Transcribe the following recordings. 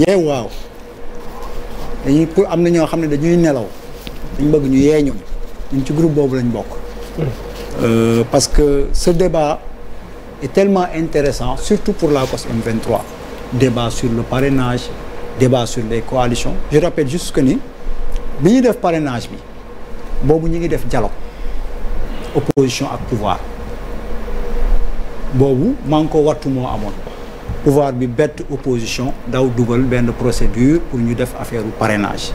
ñee waaw dañuy pour am na ñoo xam ne dañuy nelaw dañ bëgg ñu yee ñun ñun ci groupe boobu lañ bokk. Hmm. Euh, parce que ce débat est tellement intéressant surtout pour la cause M23. débat sur le parrainage débat sur les coalitions je rappelle juste que ni bi ñuy def parrainage bi boobu ñu ngi def dialogue opposition ak pouvoir boobu maa ngi ko wattu moo amoon. pouvoir bi bett opposition daw dugal benn procédure pour ñu def affaire parrainage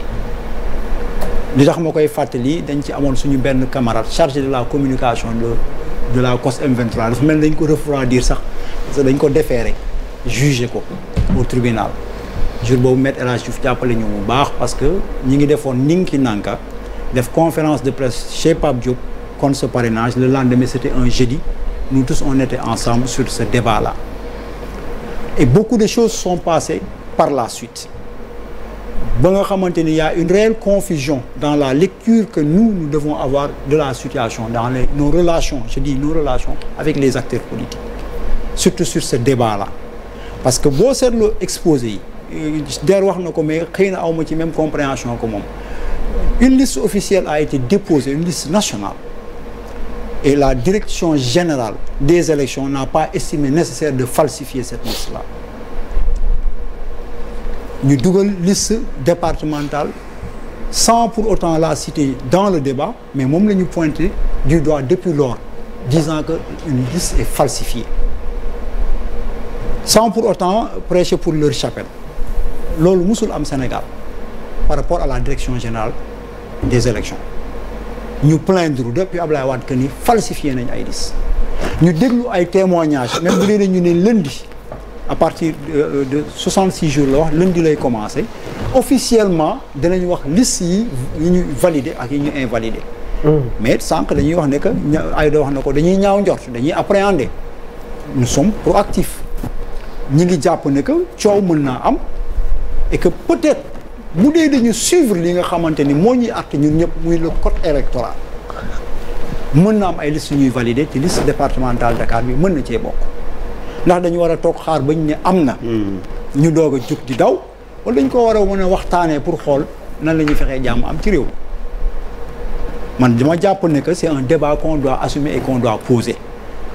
li tax ma koy fàttali dañ ci amoon suñu benn camarade chargé de la communication de de la COS M23 dañ ko refroidir sax parce que dañ ko déféré jugé ko au tribunal jour boobu maître El Hadj Diouf jàppale ñu bu baax parce que ñi ngi defoon ninki nanka def conférence de presse chez Pape Diop contre ce parrainage le lendemain c'était un jeudi nous tous on était ensemble sur ce débat là et beaucoup de choses sont passées par la suite ba nga xamante ni y une réelle confusion dans la lecture que nous nous devons avoir de la situation dans les nos relations je dis nos relations avec les acteurs politiques surtout sur ce débat là parce que boo seetloo exposé yi euh, der wax na ko mais xëy na awma ci même compréhension que moom une liste officielle a été déposée une liste nationale Et la direction générale des élections n'a pas estimé nécessaire de falsifier cette liste-là. ñu dugal liste départementale sans pour autant la citer dans le débat mais moom la ñu pointé du doigt depuis lors disant que une liste est falsifiée sans pour autant prêcher pour leur chapelle loolu musul am Sénégal par rapport à la direction générale des élections ñu plaindre depuis Ablaye Wade que ni falsifié nañ ay liste ñu déglu ay témoignages même bu dee ñu ne lundi à partir de 66 euh, jours la wax lundi lay commencé officiellement dinañ wax liste yi yi ñu validé ak yi ñu invalidé. Hmm. mais sànq dañuy wax ne que ay da wax na ko dañuy ñaaw njort dañuy appréhender nous sommes proactifs ñi ngi jàpp ne que coow mën naa am et peut-être. bu dee dañu suivre li nga xamante ni moo ñuy àtte ñun ñëpp muy le cot électoral mën na am ay liste ñuy validé ci liste départementale Dakar bi mën na cee bokk ndax dañu war a toog xaar bañ ne am na. Hmm. ñu doog a jug di daw wala dañ ko war a mën a waxtaanee pour xool nan la ñuy fexee jàmm am ci réew man dama jàpp ne que c'est un débat qu'on assumé assumer et qu'on doit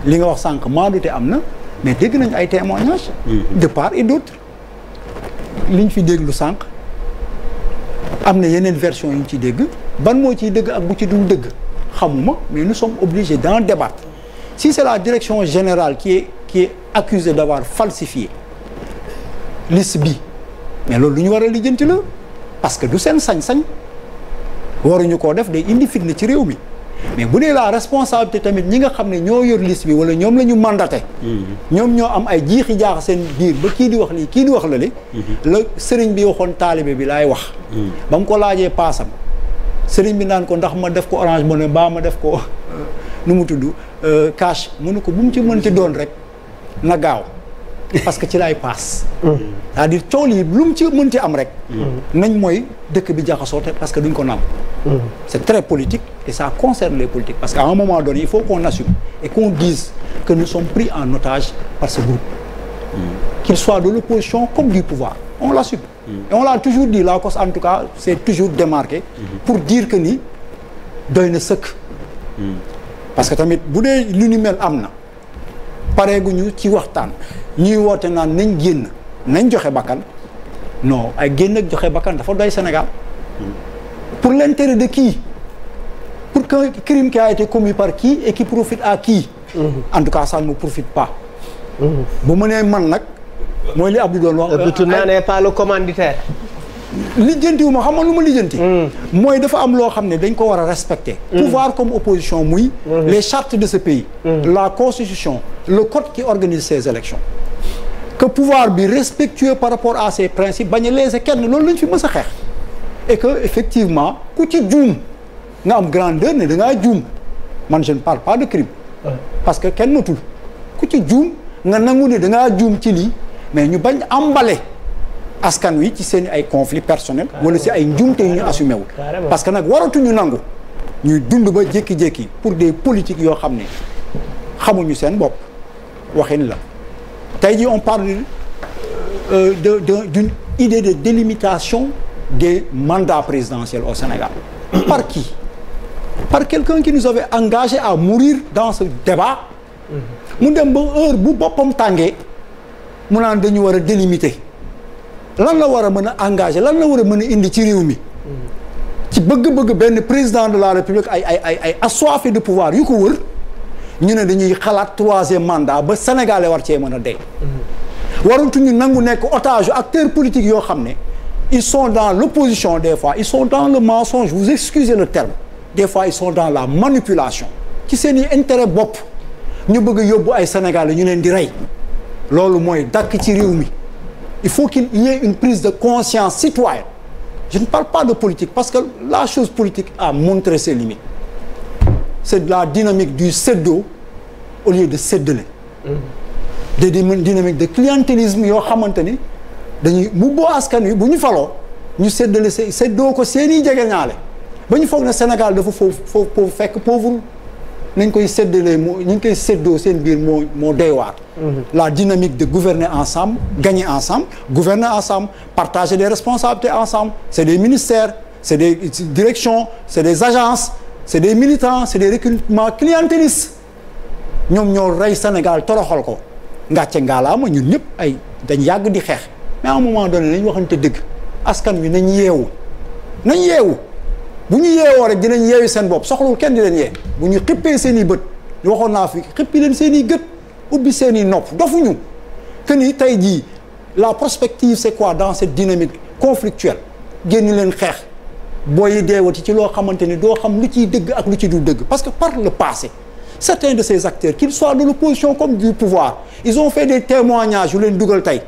li nga wax sànq maandute am na mais dégg nañ ay témoignages. Hmm. de part et d'autre liñ fi déglu sànq. am na yeneen version yu ñu ciy dégg ban moo ciy dëgg ak bu ci dul dëgg xamuma mais nous sommes obligés d'en débattre si c'est la direction générale qui est qui est accusée d'avoir falsifié liste bi mais loolu lu ñu war a lijjanti la parce que du seen sañ-sañ waruñu ko def day indi fitna ci réew mi. mais bu dee laa responsabilité tamit ñi nga xam ne ñoo yor liste bi wala ñoom la ñu mandaté. Mhm. ñoom ñoo am ay jiixi jaax seen biir ba kii di wax lii kii di wax la li mhm. la sëriñ bi waxoon taalibe bi laay wax. Mhm. ba mu ko laajee paasam sëriñ bi naan ko ndax ma def ko orange money baa ma def ko nu mu tudd euh, cash mu ne ko bu mu ci mënti doon rek na gaaw. parce que ci laay paas. Mm. c'est-à-dire coow lii lu mu ci am rek. Mm. nañ mooy dëkk bi jaxasoo te parce que duñ ko naam. Mm. c'est très politique et ça concerne les politiques parce qu'à un moment donné il faut qu'on assume et qu'on dise que nous sommes pris en otage par ce de l'opposition comme du pouvoir on l'assume. et on l'a toujours dit la cause en tout cas c'est toujours démarqué. pour dire que ni doy na sëkk. parce que tamit bu dee lu mel am na. ñu ci waxtaan ñuy woote naan nañ génn nañ joxe bakkan no ay génn ak joxe bakkan dafa doy Sénégal pour tere de qui pour qu'un crime qui a été commis par qui et qui profite à qui mm-hmm. en tout cas ça ne profite pas mm-hmm. bu mu nee man nag mooy li Abdou doon wax le tout euh, pas le commanditaire lijjantiwu ma xam nga lu ma lijjanti hmm. mooy dafa am loo xam ne dañ ko war a respecter hmm. pouvoir comme opposition muy hmm. les chartes de ce pays la constitution le cote qui organise ces élections que pouvoir bi respectueux par rapport à ces principes bañ a léser kenn loolu lañ fi ma sa xeex et que effectivement ku ci juum nga am grandeur ne dangaa juum man je ne pas de crime parce que kenn matul ku ci juum nga nangu ne da ngaa juum ci lii mais ñu bañ emballé askan wi ci seen ay conflits personnels wala si ay njumte yu ñu assumé wul parce que nag waratuñu nangu ñuy dund ba jékki-jékki pour des politiques yoo xam ne xamuñu seen bopp waxin la tey jii on parle euh, de de d'une idée de délimitation des mandats présidentiels au Sénégal par qui par quelqu'un qui nous avait engagé à mourir dans ce débat mm-hmm. mu dem ba heure bu boppam tàngee mu naan dañu war a délimiter lan la war a mën a engagé lan la war a mën a indi ci réew mi ci bëgg-bëgg benn président de la république ay ay ay ay assoiffé de pouvoir yu ko wër ñu ne dañuy xalaat troisième mandat ba sénégalais war cee mën a dee warutuñu nangu nekk otage acteur politique yoo xam ne ils sont dans l'opposition des fois ils sont dans le mensonge vous excusez le terme des fois ils dans la manipulation ci seeni intérêt bopp ñu bëgg yóbbu ay sénégalais ñu leen di rey loolu mooy dakk ci réew mi il faut qu'il y une prise de conscience citoyenne je ne parle pas de politique parce que la chose politique a montré ses limites c'est de la dynamique du séddoo au lieu de séddale de dynamique de clientélisme yoo xamante ni dañuy mu boo askan wi bu ñu faloo ñu séddale séddoo ko seeni jegeñaale ba ñu foog ne Sénégal dafa foofu foofu fekk pauvre nañ koy séddalee moo ñu ngi koy séddoo seen mbir moo moo doy mhm. la dynamique de gouverner ensemble gagner ensemble gouverner ensemble partager des responsabilités ensemble c'est des ministères c'est des directions c'est des agences c'est des militants c'est des recrutements clientélistes ñoom ñoo rey Sénégal toroxal ko nga ngàcce ngaalaama ñun ñëpp ay dañ yàgg di xeex mais à un moment donné nañ waxante dëgg askan wi nañ yeewu nañ yeewu bu ñu yeewoo rek dinañ yeewi seen bopp soxlawul kenn di leen yee bu ñu xippee seeni bët waxoon naa fi xippi leen seen i gët ubbi seen i nopp dofuñu que ni tey jii la prospective c'est quoi dans cette dynamique conflictuelle génn leen xeex booy deewati ci loo xamante ni doo xam lu ciy dëgg ak lu ci du dëgg parce que par le passé certains de ces acteurs qu'ils soient de l'opposition comme du pouvoir ils ont fait des témoignages yu leen dugal tey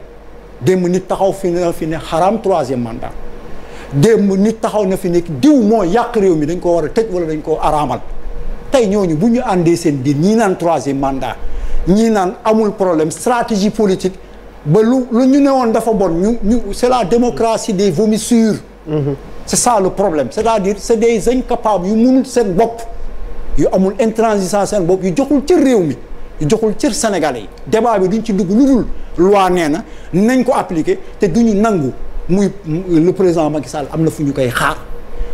démb nit taxaw fi ne fi ne xaraam troisième mandat démb ñu taxaw na fi nekk diw moo yàq réew mi dañ ko war a tëj wala dañ koo araamal tey ñooñu bu ñu àndee seen biir ñii naan troisième mandat ñii naan amul problème stratégie politique ba lu lu ñu ne woon dafa bon ñu ñu c'est la démocratie des vomissures mhm. c'est ça le problème c'est-à-dire c'est des incapables yu mënul seen bopp yu amul intransigeance seen bopp yu joxul cër réew mi yu joxul cër sénégal yi débat bi duñ ci dugg lu dul loi nee na nañ ko appliquer te duñu nangu muy le président Macky Sall am na fu ñu koy xaar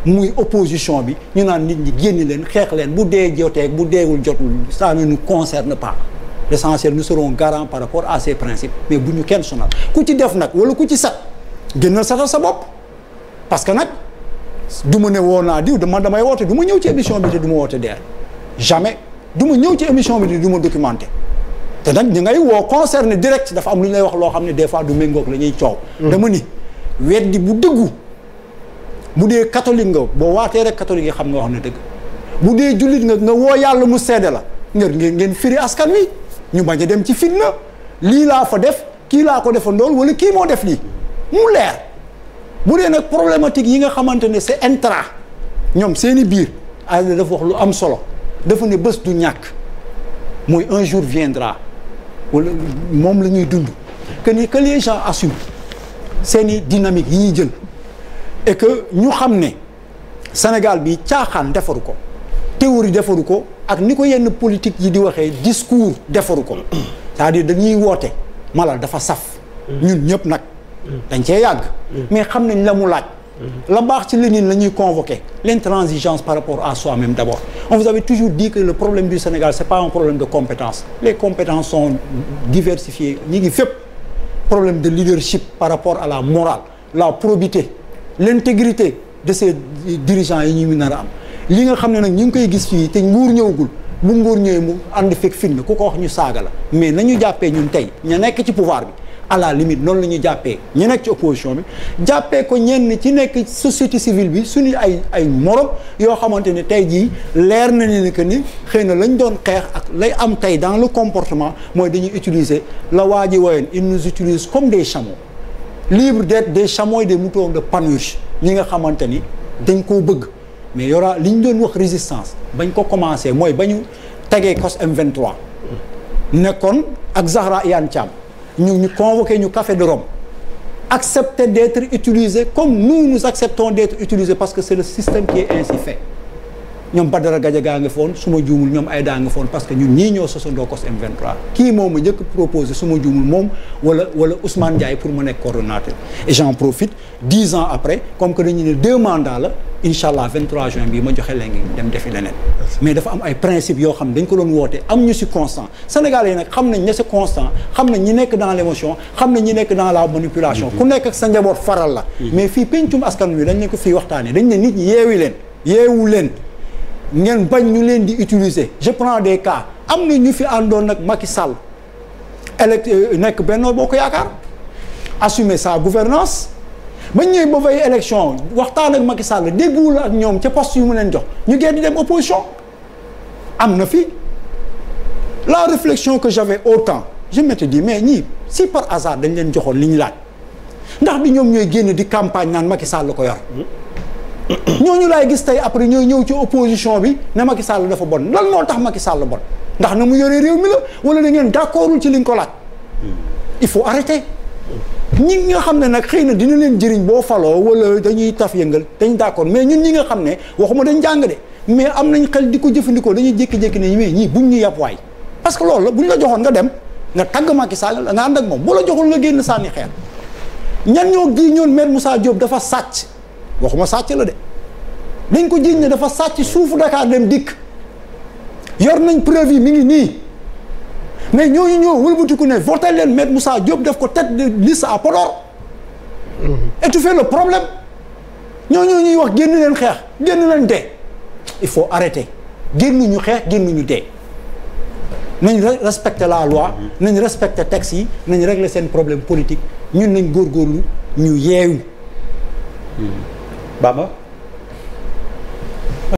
muy opposition bi ñu naan nit ñi génn leen xeex leen bu dee joteeg bu deewul jotul ça ne nous concerne pas l'essentiel nous serons garants par rapport à ces principes mais bu ñu kenn sonal ku ci def nag wala ku ci sat génnal satal sa bopp parce que nag du ma ne woon naa diw dama damay woote du ma ñëw ci émission bi te du ma woote deer jamais du ma ñëw ci émission bi te du ma documenté te nag ñu ngay woo concerné direct dafa lu ñu wax loo xam ne des fois du méngoog la ñuy coow mm. weddi bu dëggu bu dee catholique nga boo waatee rek catholique yi xam nga wax na dëgg bu dee jullit nga nga woo yàlla mu seede la ngeen ngeen ngeen firi askan wi ñu bañ a dem ci fitna lii laa fa def kii laa ko defandool wala kii moo def lii mu leer bu dee nag problématique yi nga xamante ne c'est intra ñoom seeni biir aada dafa wax lu am solo dafa ne bës du ñàkk mooy un jour viendra walla moom la ñuy dund que ni que les gens seeni dynamique yi ñuy jël et que ñu xam ne Sénégal bi caaxaan defaru ko théorie defaru ko ak ni ko yenn politique yi di waxee discours defaru ko c'est-à-dire dañuy woote malal dafa saf ñun ñëpp nag dañ cee yàgg mais xam nañ la mu laaj la baax ci Lénine la ñuy convoqué l'intransigeance par rapport à soi-même d'abord on vous avait toujours dit que le problème du Sénégal c'est pas un problème de compétence les compétences sont diversifiées ñi ngi fépp problème de leadership par rapport à la morale la probité l'intégrité de ces dirigeants yi ñu nar a am li nga xam ne nag ñu ngi koy gis fii te nguur ñëwagul bu nguur ñëwee mu ànd fekk firnde ku ko wax ñu saaga la mais ñu jàppee ñun tey ñu nekk ci pouvoir bi à la noonu la ñu jàppee ñu nekk ci opposition bi jàppee ko ñenn ci nekk société civile bi suñu ay ay morom yoo xamante ne tey jii leer na ni que ni xëy na lañ doon xeex ak lay am tey dans le comportement mooy dañuy utiliser la waa ji woyoon ils nous utilisent comme des chameaux libre d'être des chameaux et des moutons nga Panurge ñi nga xamante ni dañ koo bëgg mais yora li ñu doon wax résistance bañ ko commencé mooy ba ñu tegee COS M23 nekkoon ak Zahra Iyane Thiam ñu ñu convoqué ñu café de Rome accepter d'être utilisé comme nous nous acceptons d'être utilisés parce que c'est le système qui est ainsi fait ñoom Badara Gadiaga nga foon su ma juumul ñoom ay daa nga foon parce que ñu ñii ñoo sosandoo COS M23 kii moom ma njëkk proposé su ma juumul moom wala wala Ousmane Ndiaye pour mu nekk coordonnateur et j'en profite dix ans après comme que dañu ne deux mandats la incha allah 23 juin bii ma joxee joxe léegi dem defi leneen mais dafa am ay principe yoo xam ne dañ ko doon woote am ñu si constant sénégalais yi nag xam nañ ne si constant xam nañ ñi nekk dans l' émotion xam nañ ñi nekk dans la manipulation ku nekk ak sa njaboot la mm-hmm. mais fii askan wi dañ ne ko fii waxtaanee dañ ne nit leen yeewu leen ngeen bañ ñu leen di utiliser je prends des cas am na ñu fi àndoon nag Macky Sall élect euh, nekk Benno Bokk Yaakaar assumer sa gouvernance ba ñëw ba fay élection waxtaan ak Macky Sall dégguwul ak ñoom ci post yu mu leen jox ñu génn di dem opposition am na fi la réflexion que j'avais autant je m'étais dit mais ñi si par hasard dañ leen joxoon li ñu laaj ndax di ñoom ñooy génn di campagne naan Macky Sall la ko yor ñooñu laay gis tey après ñooy ñëw ci opposition bi ne Macky Sall dafa bon lan moo tax Macky Sall bon ndax na mu yore réew mi la wala da ngeen d'accordul ci liñ ko laaj il faut arrêter ñi nga xam ne nag xëy na dina leen jëriñ boo faloo wala dañuy taf yëngal dañ d'accord mais ñun ñi nga xam ne waxuma dañ jàng de am nañ di ko jëfandikoo dañuy jékki-jékki ne mais ñii buñ ñu yàpp waay parce que loolu la buñ la joxoon nga dem nga tagg Macky Sall nga ànd ak moom bu la joxul nga génn sànni xeer ñan ñoo gii ñoon maire musaa Diop dafa sàcc ma sàcc la de dañ ko jiiñ ne dafa sàcc suufu Dakar dem dikk yor nañ preuve yi mi ngi nii mais ñooñu ñoo wëlbatiku ne voté leen maître Moussa Diop def ko tête de liste à Podor. étouffer le problème ñooñu ñuy wax génn leen xeex génn leen dee il faut arrêter ñu xeex génn ñu dee nañ respecter la loi nañ respecter texte yi nañ régler seen problème politique ñun nañ góorgóorlu ñu yeewu. Bamba